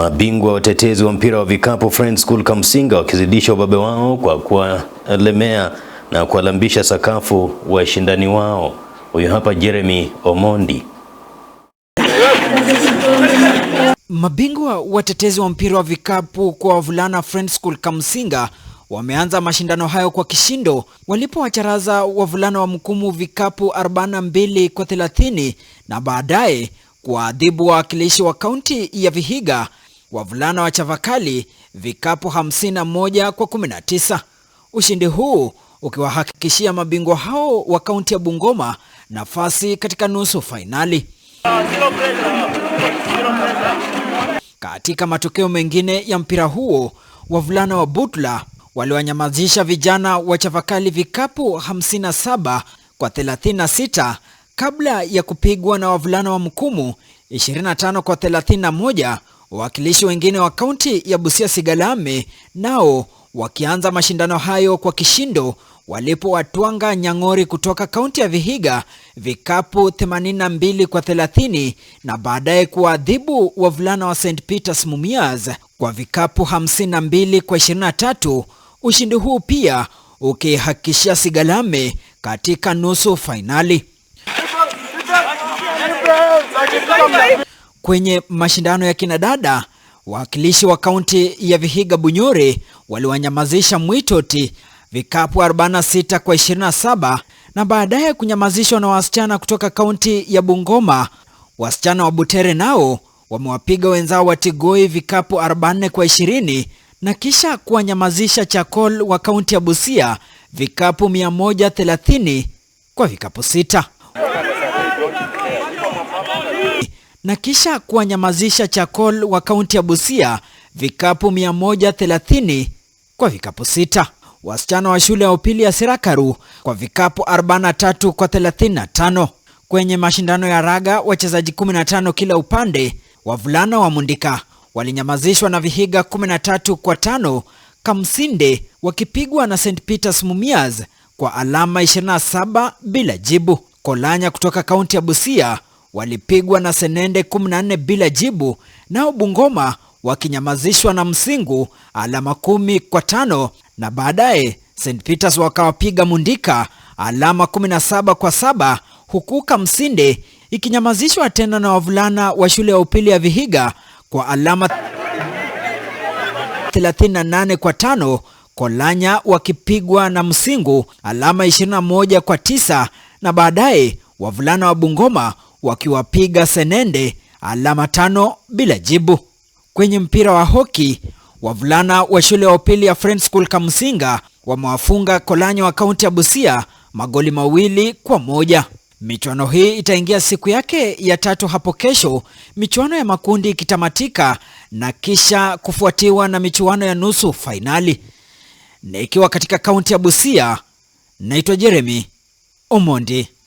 Mabingwa watetezi wa mpira wa vikapu Friends School Kamsinga wakizidisha ubabe wao kwa kuwalemea na kuwalambisha sakafu washindani wao. Huyu hapa Jeremy Omondi. Mabingwa watetezi wa mpira wa vikapu kwa wavulana Friends School Kamsinga wameanza mashindano hayo kwa kishindo walipowacharaza wavulana wa Mkumu vikapu 42 kwa 30 na baadaye kuwaadhibu wawakilishi wa kaunti ya Vihiga wavulana wa Chavakali vikapu 51 kwa 19. Ushindi huu ukiwahakikishia mabingwa hao wa kaunti ya Bungoma nafasi katika nusu fainali. Katika matokeo mengine ya mpira huo, wavulana wa Butla waliwanyamazisha vijana wa Chavakali vikapu 57 kwa 36 kabla ya kupigwa na wavulana wa Mkumu 25 kwa 31 wawakilishi wengine wa kaunti ya Busia Sigalame nao wakianza mashindano hayo kwa kishindo walipowatwanga Nyang'ori kutoka kaunti ya Vihiga vikapu 82 kwa 30 na baadaye kuwaadhibu wavulana wa St Peters Mumias kwa vikapu 52 kwa 23, ushindi huu pia ukihakikishia Sigalame katika nusu fainali. Kwenye mashindano ya kinadada, wawakilishi wa kaunti ya Vihiga bunyore waliwanyamazisha Mwitoti vikapu 46 kwa 27 na baadaye kunyamazishwa na wasichana kutoka kaunti ya Bungoma. Wasichana wa Butere nao wamewapiga wenzao wa Tigoi vikapu 44 kwa 20 na kisha kuwanyamazisha Chakol wa kaunti ya Busia vikapu 130 kwa vikapu sita na kisha kuwanyamazisha Chakol wa kaunti ya Busia vikapu 130 kwa vikapu sita, wasichana wa shule ya upili ya Sirakaru kwa vikapu 43 kwa 35. Kwenye mashindano ya raga, wachezaji 15 kila upande, wavulana wa Mundika walinyamazishwa na Vihiga 13 kwa 5 Kamsinde wakipigwa na St Peters Mumias kwa alama 27 bila jibu. Kolanya kutoka kaunti ya Busia walipigwa na Senende 14 bila jibu, nao Bungoma wakinyamazishwa na Msingu alama kumi kwa tano na baadaye St Peters wakawapiga Mundika alama 17 kwa saba huku Kamsinde ikinyamazishwa tena na wavulana wa shule ya upili ya Vihiga kwa alama 38 kwa tano, Kolanya wakipigwa na Msingu alama 21 kwa tisa na baadaye wavulana wa Bungoma wakiwapiga Senende alama tano bila jibu. Kwenye mpira wa hoki, wavulana wa shule ya upili ya Friends School Kamusinga wamewafunga Kolanyo wa kaunti ya Busia magoli mawili kwa moja. Michuano hii itaingia siku yake ya tatu hapo kesho, michuano ya makundi ikitamatika na kisha kufuatiwa na michuano ya nusu fainali. Na ikiwa katika kaunti ya Busia, naitwa Jeremy Omondi.